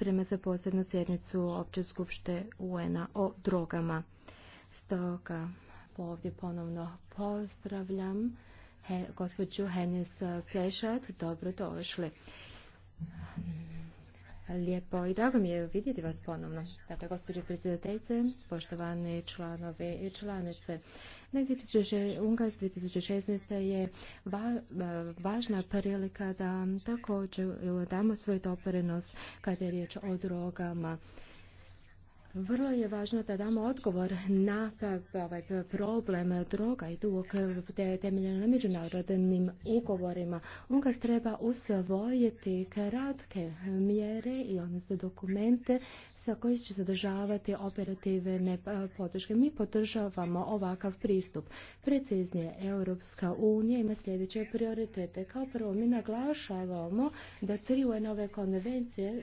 priprema za posebnu sjednicu Opće skupšte UN-a o drogama. Stoga ovdje ponovno pozdravljam gospođu Henis Plešat. Dobro došli. Lijepo i drago mi je vidjeti vas ponovno. Dakle, gospođe predsjedateljice, poštovani članovi i članice, 2016. je e, važna prilika da također e, damo svoj doprinos kada je riječ o drogama. Vrlo je važno da damo odgovor na ovaj problem droga i dug temeljeno na međunarodnim ugovorima. Ungas treba usvojiti kratke mjere i odnosno dokumente sa koji će zadržavati operativne e, podrške. Mi podržavamo ovakav pristup. Preciznije, Europska unija ima sljedeće prioritete. Kao prvo, mi naglašavamo da tri un konvencije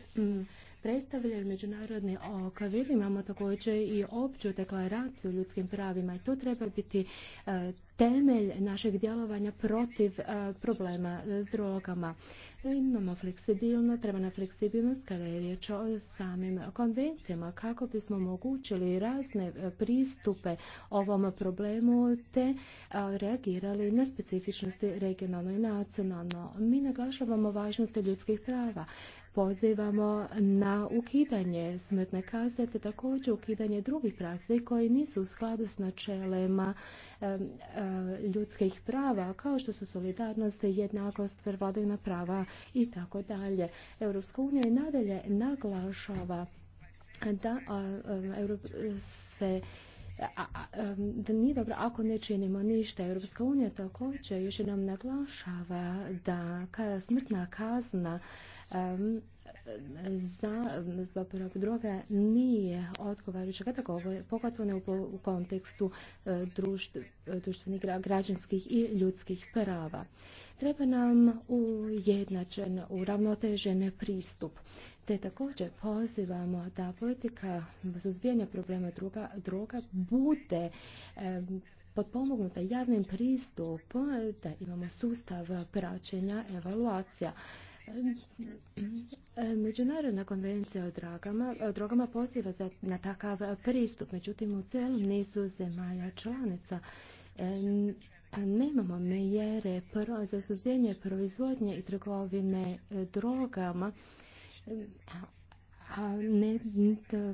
predstavljaju međunarodni okvir, imamo također i opću deklaraciju o ljudskim pravima i to treba biti e, temelj našeg djelovanja protiv e, problema s drogama. Imamo fleksibilno, treba na fleksibilnost kada je riječ o samim konvencijama kako bismo omogućili razne e, pristupe ovom problemu te reagirali na specifičnosti regionalno i nacionalno. Mi naglašavamo važnost ljudskih prava pozivamo na ukidanje smrtne kazne te također ukidanje drugih praksi koji nisu u skladu s načelima e, ljudskih prava kao što su solidarnost, jednakost, vladavina prava i tako dalje. Europska unija i nadalje naglašava da se da nije dobro ako ne činimo ništa. Europska unija također još jednom naglašava da smrtna kazna za zapravo droga nije odgovarajuća kada pogotovo ne u, kontekstu e, društvenih građanskih i ljudskih prava. Treba nam ujednačen, uravnotežen pristup te također pozivamo da politika suzbijanja problema druga, droga bude e, potpomognuta javnim pristupom, da imamo sustav praćenja, evaluacija. Međunarodna konvencija o drogama, drogama poziva za, na takav pristup, međutim u cijelom nisu zemalja članica nemamo mjere za suzbijanje proizvodnje i trgovine drogama a ne,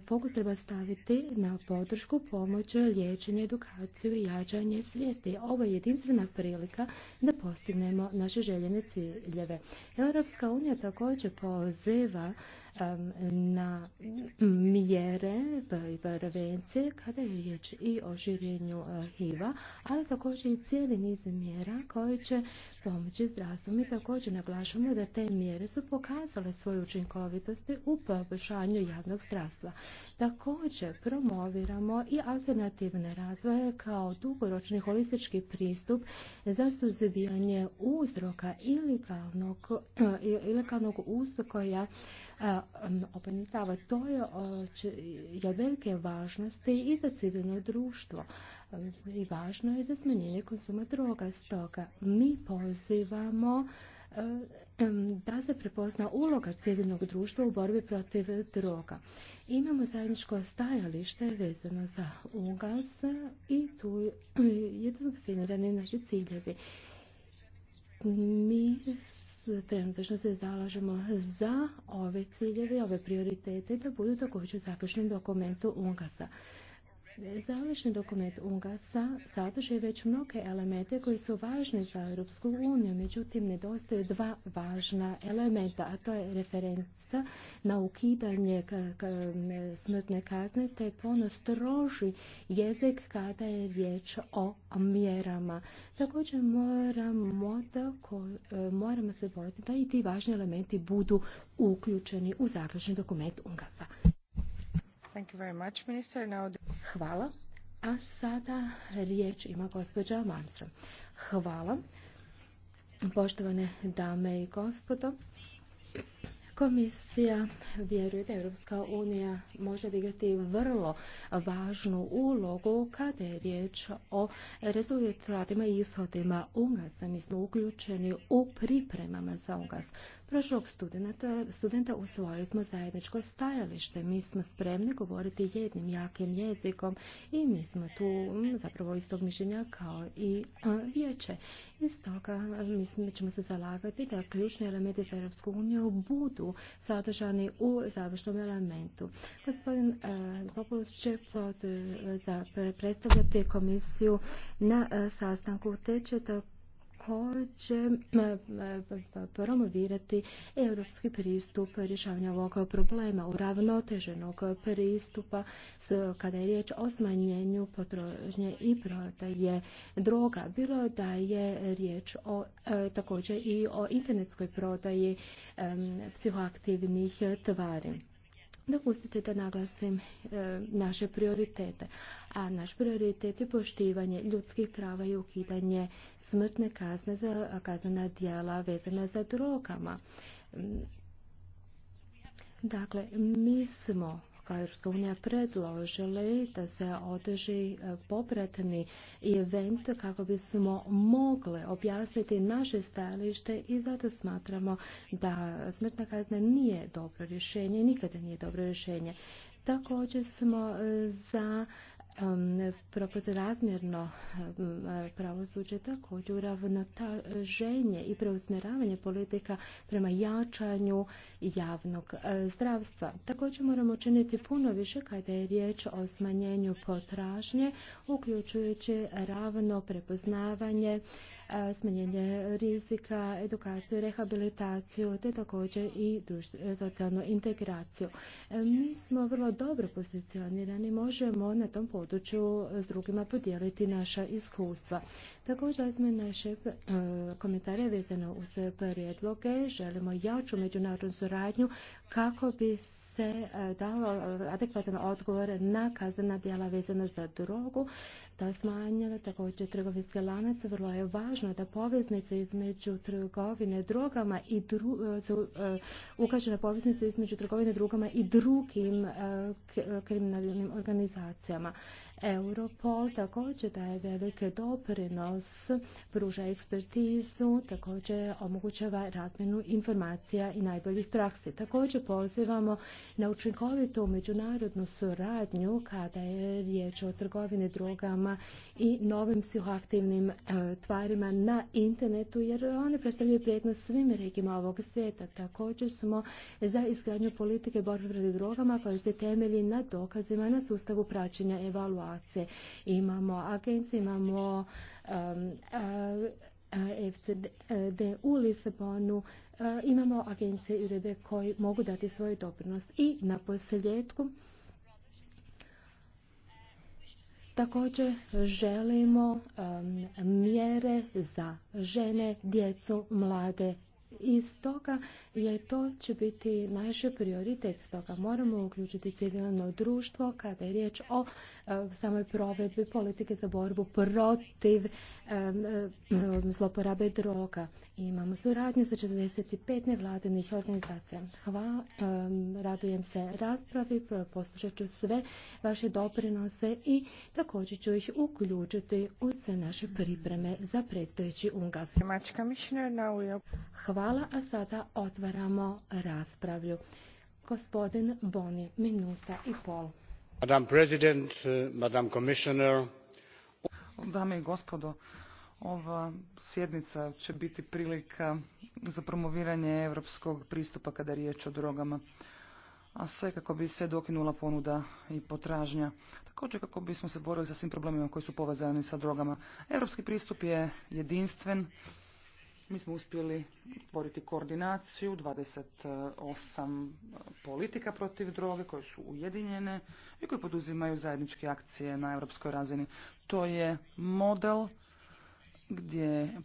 fokus treba staviti na podršku, pomoć, liječenje, edukaciju i jačanje svijesti. Ovo je jedinstvena prilika da postignemo naše željene ciljeve. Europska unija također poziva na mjere i prevencije kada je riječ i o širenju e, HIV-a, ali također i cijeli niz mjera koje će pomoći zdravstvu. Mi također naglašamo da te mjere su pokazale svoje učinkovitosti u poboljšanju javnog zdravstva. Također promoviramo i alternativne razvoje kao dugoročni holistički pristup za suzbijanje uzroka e, ilegalnog, ilegalnog uzroka to je od velike važnosti i za civilno društvo. I važno je za smanjenje konzuma droga. Stoga mi pozivamo da se prepozna uloga civilnog društva u borbi protiv droga. Imamo zajedničko stajalište vezano za ugas i tu je definirani naši ciljevi. Mi trenutno se zalažemo za ove ciljeve, ove prioritete da budu također u dokumentu UNGAS-a. Završni dokument UNGAS-a sadrži već mnoge elemente koji su važni za Europsku uniju, međutim nedostaju dva važna elementa, a to je referenca na ukidanje smrtne kazne te puno stroži jezik kada je riječ o mjerama. Također moramo, da, e, moramo se boriti da i ti važni elementi budu uključeni u zaključni dokument UNGAS-a. Thank you very Hvala. A sada riječ ima gospođa Malmström. Hvala. Poštovane dame i gospodo, Komisija vjeruje da Europska unija može odigrati vrlo važnu ulogu kada je riječ o rezultatima i ishodima UNGAS-a. Mi smo uključeni u pripremama za UNGAS. Prošlog studenta, studenta usvojili smo zajedničko stajalište. Mi smo spremni govoriti jednim jakim jezikom i mi smo tu mm, zapravo istog mišljenja kao i vijeće. Iz toga mm, mi ćemo se zalagati da ključni elementi za Europsku uniju budu sadržani u završnom elementu. Gospodin e, Popolus će e, predstavljati komisiju na e, sastanku te će eh, eh, promovirati europski pristup rješavanja ovog problema, u ravnoteženog pristupa kada je riječ o smanjenju potrošnje i prodaje droga. Bilo da je riječ eh, također i o internetskoj prodaji psihoaktivnih tvari. Dopustite da naglasim e, naše prioritete. A naš prioritet je poštivanje ljudskih prava i ukidanje smrtne kazne za kaznena djela vezana za drogama. Dakle, mi smo kao Europska unija predložili da se održi e, popratni event kako bismo mogli objasniti naše stajalište i zato smatramo da smrtna kazna nije dobro rješenje, nikada nije dobro rješenje. Također smo e, za razmjerno pravosuđe također ravnotaženje i preusmjeravanje politika prema jačanju javnog e, zdravstva. Također moramo činiti puno više kada je riječ o smanjenju potražnje, uključujući ravno prepoznavanje, e, smanjenje rizika, edukaciju, rehabilitaciju, te također i socijalnu integraciju. E, mi smo vrlo dobro pozicionirani, možemo na tom području s drugima podijeliti naša iskustva. Također smo naše e, komentare vezano uz prijedloge, želimo jaču međunarodnu suradnju kako bi se e, dao e, adekvatan odgovor na kaznena djela vezana za drogu, da smanjila također trgovinske lanac. Vrlo je važno da poveznice između trgovine drogama i e, ukaže na poveznice između trgovine drogama i drugim kriminalnim organizacijama. Europol također daje velike doprinos, pruža ekspertizu, također omogućava razmjenu informacija i najboljih praksi. Također pozivamo na učinkovitu međunarodnu suradnju kada je riječ o trgovini drogama i novim psihoaktivnim e, tvarima na internetu, jer one predstavljaju prijetnost svim regijima ovog svijeta. Također smo za izgradnju politike borbe protiv drogama koja se temelji na dokazima na sustavu praćenja evaluacije Imamo agencije, imamo FCD u Lisabonu, imamo agencije i urede koji mogu dati svoju doprinos. I na posljedku Također želimo mjere za žene, djecu, mlade i stoga je to će biti naš prioritet. Stoga moramo uključiti civilno društvo kada je riječ o e, samoj provedbi politike za borbu protiv e, e, zloporabe droga. Imamo suradnju sa 45 nevladinih organizacija. Hvala, radujem se raspravi, poslušat ću sve vaše doprinose i također ću ih uključiti u sve naše pripreme za predstojeći UNGAS. Hvala Hvala, a sada otvaramo raspravlju. Gospodin Boni, minuta i pol. Madam President, uh, Madam Commissioner. Dame i gospodo, ova sjednica će biti prilika za promoviranje europskog pristupa kada je riječ o drogama, a sve kako bi se dokinula ponuda i potražnja. Također kako bismo se borili sa svim problemima koji su povezani sa drogama. Europski pristup je jedinstven, mi smo uspjeli stvoriti koordinaciju 28 politika protiv droge koje su ujedinjene i koje poduzimaju zajedničke akcije na europskoj razini. To je model gdje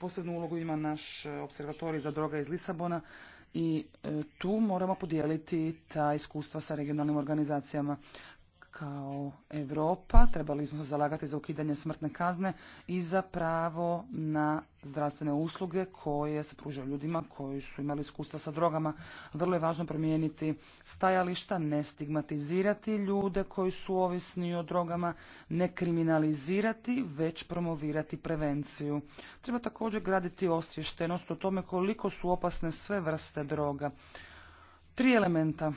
posebnu ulogu ima naš observatorij za droga iz Lisabona i e, tu moramo podijeliti ta iskustva sa regionalnim organizacijama kao Europa trebali smo se zalagati za ukidanje smrtne kazne i za pravo na zdravstvene usluge koje se pružaju ljudima koji su imali iskustva sa drogama. Vrlo je važno promijeniti stajališta, ne stigmatizirati ljude koji su ovisni o drogama, ne kriminalizirati, već promovirati prevenciju. Treba također graditi osvještenost o tome koliko su opasne sve vrste droga. Tri elementa.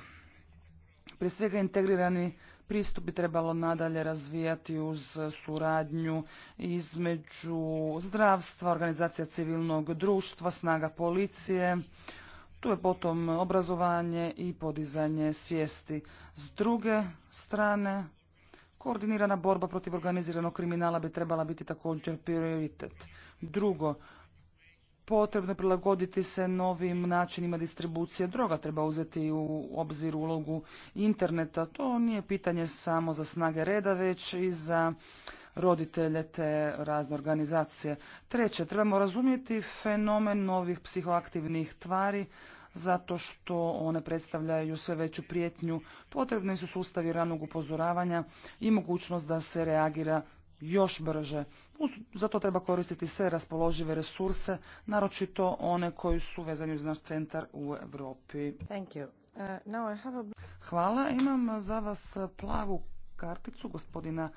Prije svega integrirani Pristup bi trebalo nadalje razvijati uz suradnju između zdravstva, organizacija civilnog društva, snaga policije. Tu je potom obrazovanje i podizanje svijesti. S druge strane, koordinirana borba protiv organiziranog kriminala bi trebala biti također prioritet. Drugo, potrebno prilagoditi se novim načinima distribucije droga. Treba uzeti u obzir ulogu interneta. To nije pitanje samo za snage reda, već i za roditelje te razne organizacije. Treće, trebamo razumjeti fenomen novih psihoaktivnih tvari, zato što one predstavljaju sve veću prijetnju. Potrebni su sustavi ranog upozoravanja i mogućnost da se reagira još brže. Zato treba koristiti sve raspoložive resurse, naročito one koji su vezani uz naš centar u Europi. Uh, Hvala. Imam za vas plavu karticu gospodina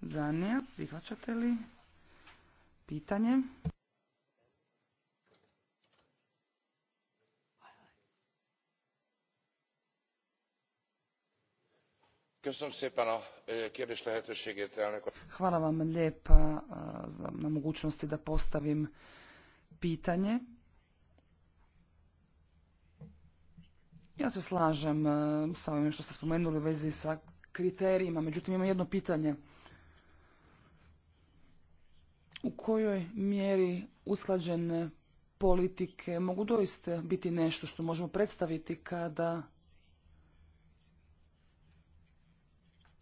Zanija. Prihvaćate li pitanje? Hvala vam lijepa na mogućnosti da postavim pitanje. Ja se slažem e, sa ovim što ste spomenuli u vezi sa kriterijima, međutim imam jedno pitanje. U kojoj mjeri usklađene politike mogu doista biti nešto što možemo predstaviti kada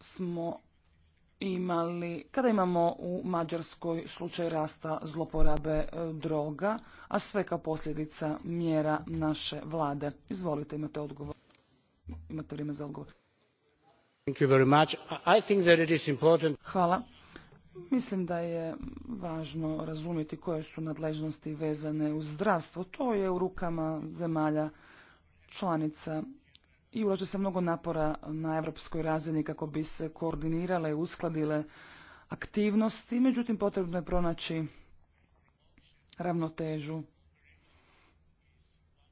smo imali, kada imamo u Mađarskoj slučaj rasta zloporabe e, droga, a sve kao posljedica mjera naše vlade. Izvolite, imate odgovor. Imate vrijeme za odgovor. Hvala. Mislim da je važno razumjeti koje su nadležnosti vezane uz zdravstvo. To je u rukama zemalja članica i ulaže se mnogo napora na europskoj razini kako bi se koordinirale i uskladile aktivnosti, međutim potrebno je pronaći ravnotežu.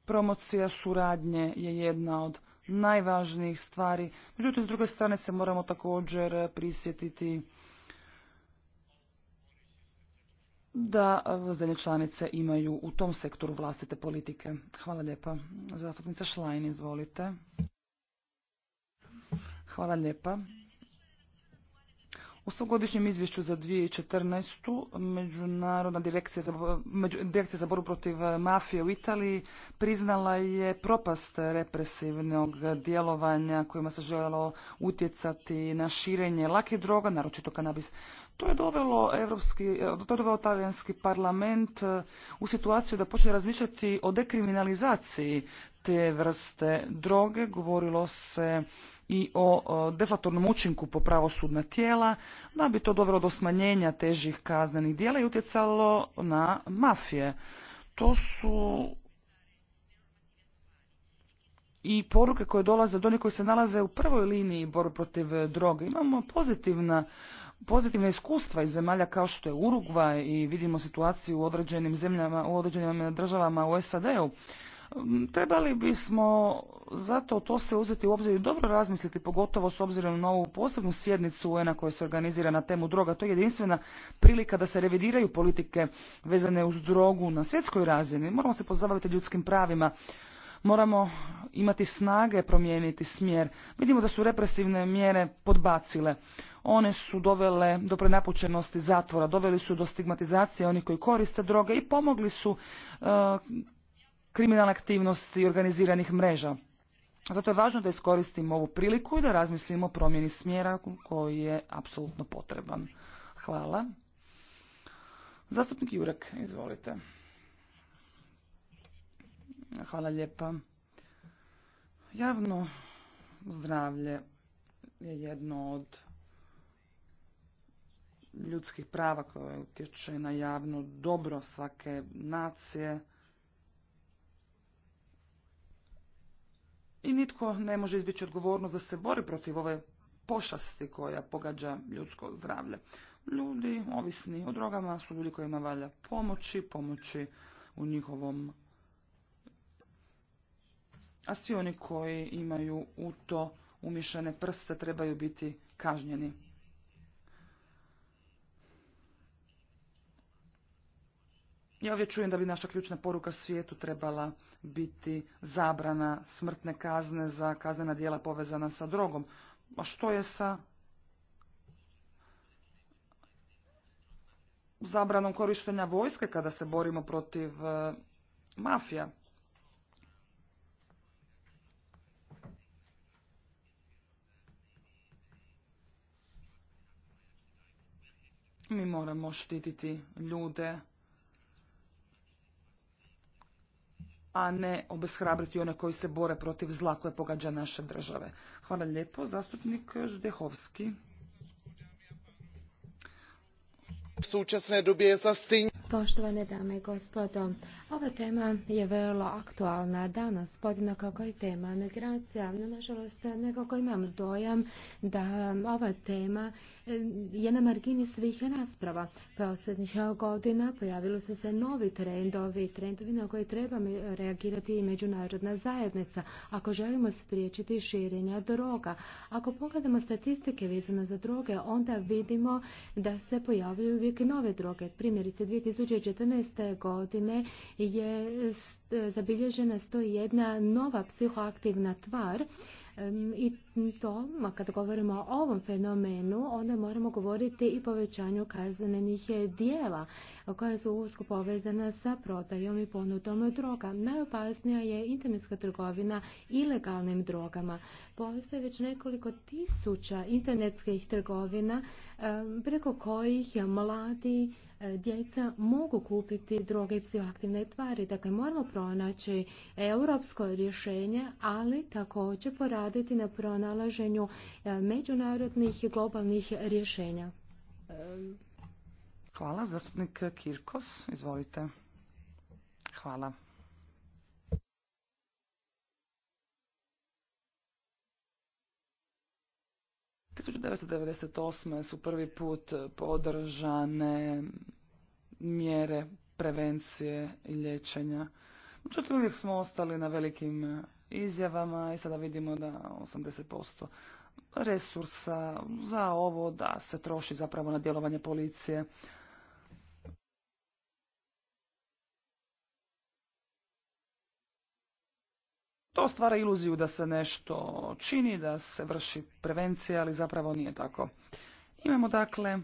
Promocija suradnje je jedna od najvažnijih stvari, međutim s druge strane se moramo također prisjetiti da zemlje članice imaju u tom sektoru vlastite politike. Hvala lijepa. Zastupnica Šlajn, izvolite. Hvala lijepa. U svogodišnjem izvješću za 2014. Međunarodna direkcija za, direkcija za boru protiv mafije u Italiji priznala je propast represivnog djelovanja kojima se željelo utjecati na širenje lake droga, naročito kanabis. To je dovelo europski, eh, to talijanski parlament eh, u situaciju da počne razmišljati o dekriminalizaciji te vrste droge. Govorilo se i o deflatornom učinku po pravosudna tijela, da bi to dovelo do smanjenja težih kaznenih dijela i utjecalo na mafije. To su i poruke koje dolaze do onih koji se nalaze u prvoj liniji borbe protiv droge. Imamo pozitivna pozitivna iskustva iz zemalja kao što je Urugva i vidimo situaciju u određenim zemljama, u određenim državama u SAD-u. Mm, trebali bismo zato to se uzeti u obzir i dobro razmisliti, pogotovo s obzirom na ovu posebnu sjednicu un koja se organizira na temu droga. To je jedinstvena prilika da se revidiraju politike vezane uz drogu na svjetskoj razini. Moramo se pozabaviti ljudskim pravima, Moramo imati snage promijeniti smjer. Vidimo da su represivne mjere podbacile. One su dovele do prenapučenosti zatvora, doveli su do stigmatizacije onih koji koriste droge i pomogli su e, kriminalne aktivnosti organiziranih mreža. Zato je važno da iskoristimo ovu priliku i da razmislimo o promjeni smjera koji je apsolutno potreban. Hvala. Zastupnik Jurek, izvolite. Hvala lijepa. Javno zdravlje je jedno od ljudskih prava koje utječe na javno dobro svake nacije. I nitko ne može izbjeći odgovornost da se bori protiv ove pošasti koja pogađa ljudsko zdravlje. Ljudi ovisni o drogama su ljudi kojima valja pomoći, pomoći u njihovom a svi oni koji imaju u to umišljene prste trebaju biti kažnjeni. Ja ovdje čujem da bi naša ključna poruka svijetu trebala biti zabrana smrtne kazne za kaznena djela povezana sa drogom. A što je sa zabranom korištenja vojske kada se borimo protiv eh, mafija? Mi moramo štititi ljude, a ne obeshrabriti one koji se bore protiv zla koje pogađa naše države. Hvala lijepo, zastupnik Ždehovski. Poštovane dame i gospodo, ova tema je vrlo aktualna danas, podjednako kako tema migracija. No, nažalost, nekako imam dojam da ova tema je na margini svih rasprava. Posljednjih godina pojavili su se novi trendovi, trendovi na koje treba reagirati i međunarodna zajednica ako želimo spriječiti širenja droga. Ako pogledamo statistike vezane za droge, onda vidimo da se pojavljuju uvijek nove droge. Primjerice, 2014. godine je zabilježena 101 nova psihoaktivna tvar i to, kada govorimo o ovom fenomenu, onda moramo govoriti i povećanju kaznenih dijela koja su usko povezana sa prodajom i ponudom droga. Najopasnija je internetska trgovina ilegalnim drogama. Postoje već nekoliko tisuća internetskih trgovina preko kojih mladi E, djeca mogu kupiti droge i psihoaktivne tvari. Dakle, moramo pronaći europsko rješenje, ali također poraditi na pronalaženju e, međunarodnih i globalnih rješenja. E, Hvala. Zastupnik Kirkos, izvolite. Hvala. 1998. su prvi put podržane mjere prevencije i liječenja. Međutim, uvijek smo ostali na velikim izjavama i sada vidimo da 80% resursa za ovo da se troši zapravo na djelovanje policije. To stvara iluziju da se nešto čini, da se vrši prevencija, ali zapravo nije tako. Imamo dakle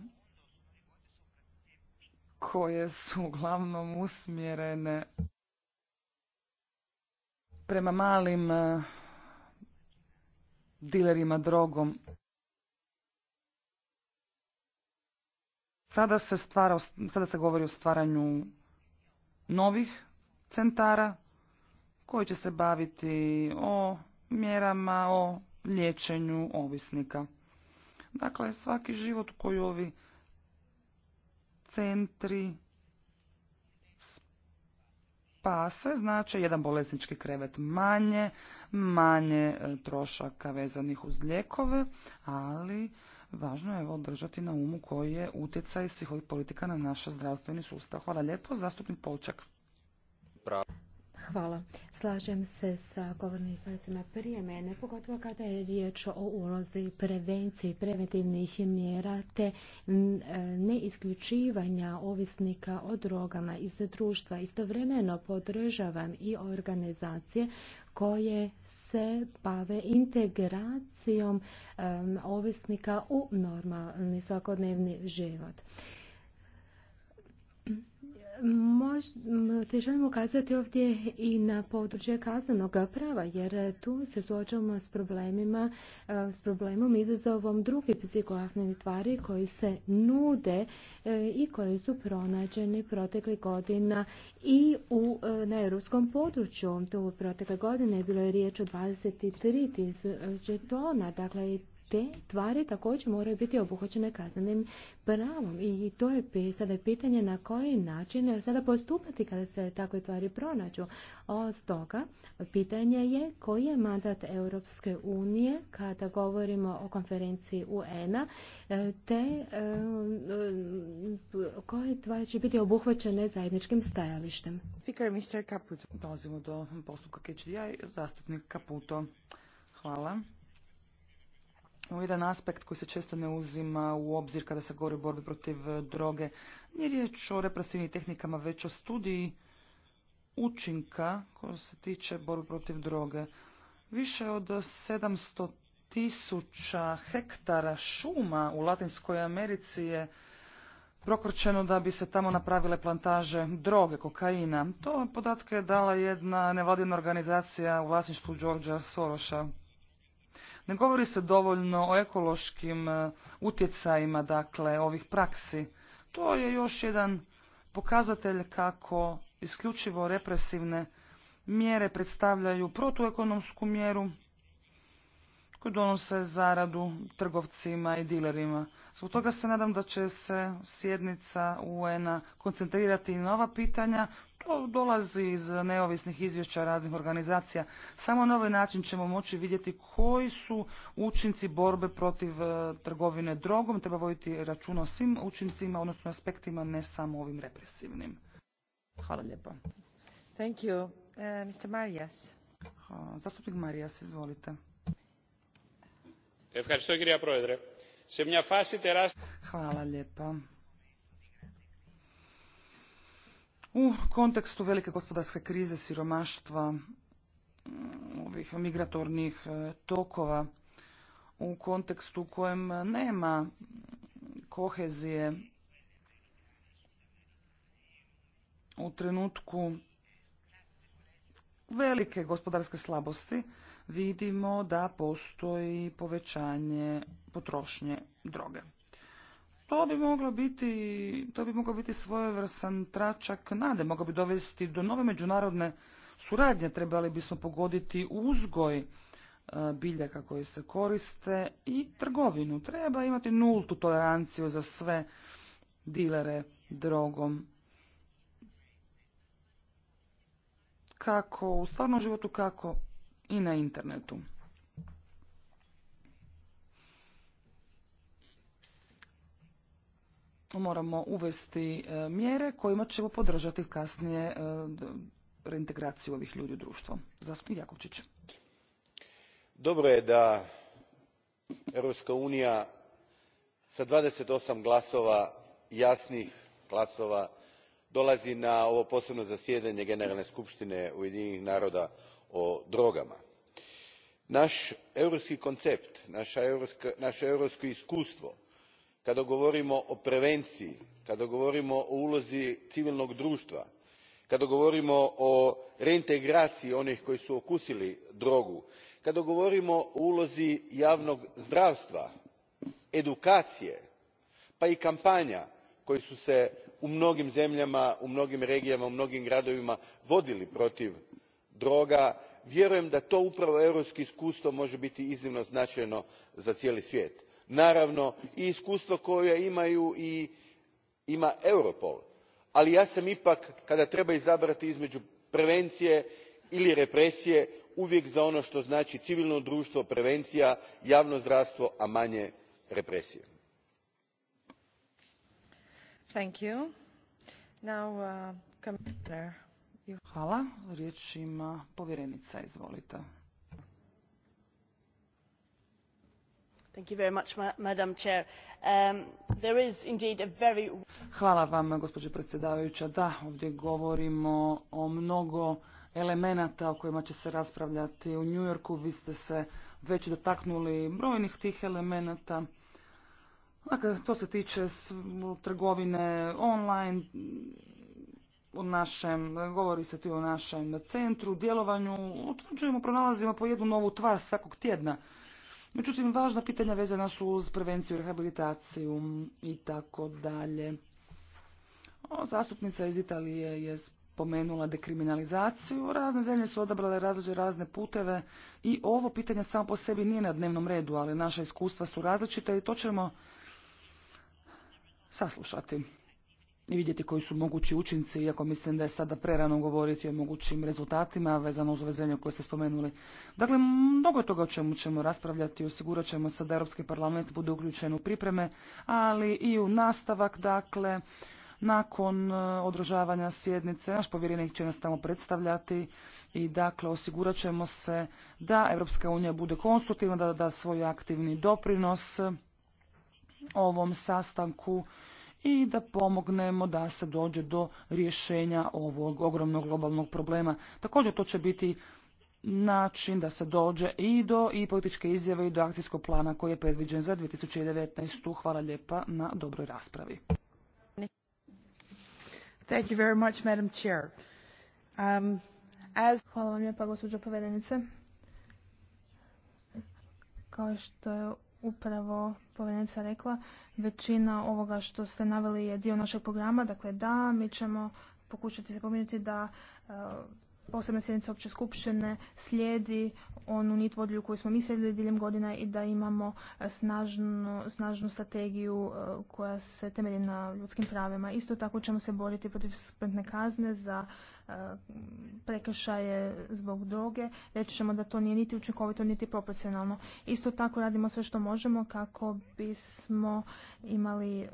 koje su uglavnom usmjerene prema malim eh, dilerima drogom. Sada se, stvara, sada se govori o stvaranju novih centara, koji će se baviti o mjerama, o liječenju ovisnika. Dakle, svaki život koji ovi centri spase, znači jedan bolesnički krevet manje, manje e, trošaka vezanih uz lijekove, ali važno je održati na umu koji je utjecaj svih ovih politika na naš zdravstveni sustav. Hvala lijepo, zastupnik Polčak. Hvala. Slažem se sa govornicima prije mene, pogotovo kada je riječ o ulozi prevenciji preventivnih mjera te e, neisključivanja ovisnika o drogama iz društva. Istovremeno podržavam i organizacije koje se bave integracijom ovisnika u normalni svakodnevni život Mož te želim ukazati ovdje i na područje kaznenog prava, jer tu se suočavamo s problemima, e, s problemom izazovom drugih psihoaktivnih tvari koji se nude e, i koji su pronađeni protekli godina i u, e, na europskom području. Tu protekle godine je bilo je riječ o 23 tisuće tona, dakle te tvari također moraju biti obuhvaćene kaznenim pravom i to je sada pitanje na koji način sada postupati kada se takve tvari pronađu. O, stoga, pitanje je koji je mandat Europske unije kada govorimo o konferenciji UN-a, e, te e, e, koje tvari će biti obuhvaćene zajedničkim stajalištem. Speaker, Mr. Caputo. Dolazimo do postupka KCDI, zastupnik Caputo. Hvala. Ovaj jedan aspekt koji se često ne uzima u obzir kada se govori o borbi protiv e, droge. Nije riječ o represivnim tehnikama, već o studiji učinka koja se tiče borbe protiv droge. Više od 700 tisuća hektara šuma u Latinskoj Americi je prokrčeno da bi se tamo napravile plantaže droge, kokaina. To podatke je dala jedna nevladina organizacija u vlasništvu Đorđa Sorosa. Ne govori se dovoljno o ekološkim e, utjecajima dakle ovih praksi. To je još jedan pokazatelj kako isključivo represivne mjere predstavljaju protuekonomsku mjeru koji donose zaradu trgovcima i dilerima. Zbog toga se nadam da će se sjednica UN-a koncentrirati na ova pitanja. To dolazi iz neovisnih izvješća raznih organizacija. Samo na ovaj način ćemo moći vidjeti koji su učinci borbe protiv e, trgovine drogom. Treba voditi račun o svim učincima, odnosno aspektima, ne samo ovim represivnim. Hvala lijepa. Thank you. E, Mr. Marijas. Zastupnik Marijas, izvolite. Hvala U kontekstu velike gospodarske krize, siromaštva, mm, ovih migratornih e, tokova, u kontekstu u kojem nema kohezije, u trenutku velike gospodarske slabosti, vidimo da postoji povećanje potrošnje droge. To bi moglo biti, to bi mogao biti svojevrsan tračak nade, mogao bi dovesti do nove međunarodne suradnje, trebali bismo pogoditi uzgoj e, biljaka koje se koriste i trgovinu. Treba imati nultu toleranciju za sve dilere drogom. Kako u stvarnom životu, kako i na internetu. Moramo uvesti e, mjere kojima ćemo podržati kasnije e, reintegraciju ovih ljudi u društvo. Zastupnik Jakovčić. Dobro je da Europska unija sa 28 glasova, jasnih glasova, dolazi na ovo posebno zasjedanje Generalne skupštine Ujedinjenih naroda o drogama. naš europski koncept naše europsko iskustvo kada govorimo o prevenciji kada govorimo o ulozi civilnog društva kada govorimo o reintegraciji onih koji su okusili drogu kada govorimo o ulozi javnog zdravstva edukacije pa i kampanja koje su se u mnogim zemljama u mnogim regijama u mnogim gradovima vodili protiv droga vjerujem da to upravo europsko iskustvo može biti iznimno značajno za cijeli svijet. naravno i iskustvo koje ima europol ali ja sam ipak kada treba izabrati između prevencije ili represije uvijek za ono što znači civilno društvo prevencija javno zdravstvo a manje represije. Uh, Hvala. Riječ ima povjerenica. Izvolite. Hvala vam, gospođo predsjedavajuća. Da, ovdje govorimo o mnogo elemenata o kojima će se raspravljati u New Yorku. Vi ste se već dotaknuli brojnih tih elemenata. Dakle, to se tiče trgovine online, u našem, govori se tu o našem centru, djelovanju, utvrđujemo, pronalazimo po jednu novu tvar svakog tjedna. Međutim, važna pitanja vezana su uz prevenciju, rehabilitaciju i tako dalje. Zastupnica iz Italije je spomenula dekriminalizaciju. Razne zemlje su odabrale različite razne puteve i ovo pitanje samo po sebi nije na dnevnom redu, ali naša iskustva su različita i to ćemo saslušati i vidjeti koji su mogući učinci, iako mislim da je sada prerano govoriti o mogućim rezultatima vezano uz ove koje ste spomenuli. Dakle, mnogo je toga o čemu ćemo raspravljati, osigurat ćemo se da Europski parlament bude uključen u pripreme, ali i u nastavak, dakle, nakon e, održavanja sjednice, naš povjerenik će nas tamo predstavljati i dakle osigurat ćemo se da Europska unija bude konstruktivna, da da svoj aktivni doprinos ovom sastanku i da pomognemo da se dođe do rješenja ovog ogromnog globalnog problema. Također to će biti način da se dođe i do i političke izjave i do akcijskog plana koji je predviđen za 2019. Hvala lijepa na dobroj raspravi. Thank you very much, Madam Chair. Um, Hvala vam lijepa, gospođo povedenice. Kao što je upravo povjerenica rekla, većina ovoga što ste naveli je dio našeg programa, dakle da, mi ćemo pokušati se da e, posebna sjednica opće skupštine slijedi onu nit vodlju koju smo mislili diljem godina i da imamo e, snažnu, snažnu strategiju e, koja se temelji na ljudskim pravima. Isto tako ćemo se boriti protiv smrtne kazne za e, prekršaje zbog droge. Reći ćemo da to nije niti učinkovito, niti proporcionalno. Isto tako radimo sve što možemo kako bismo imali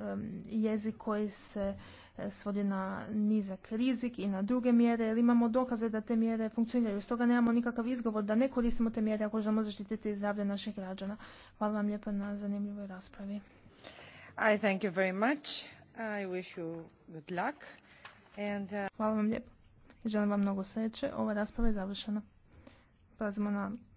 jezik koji se E, svodi na nizak rizik i na druge mjere, jer imamo dokaze da te mjere funkcioniraju. Stoga nemamo nikakav izgovor da ne koristimo te mjere ako želimo zaštititi zdravlje naših građana. Hvala vam lijepa na zanimljivoj raspravi. I much. Hvala vam lijepo. Želim vam mnogo sreće. Ova rasprava je završena. Pazimo na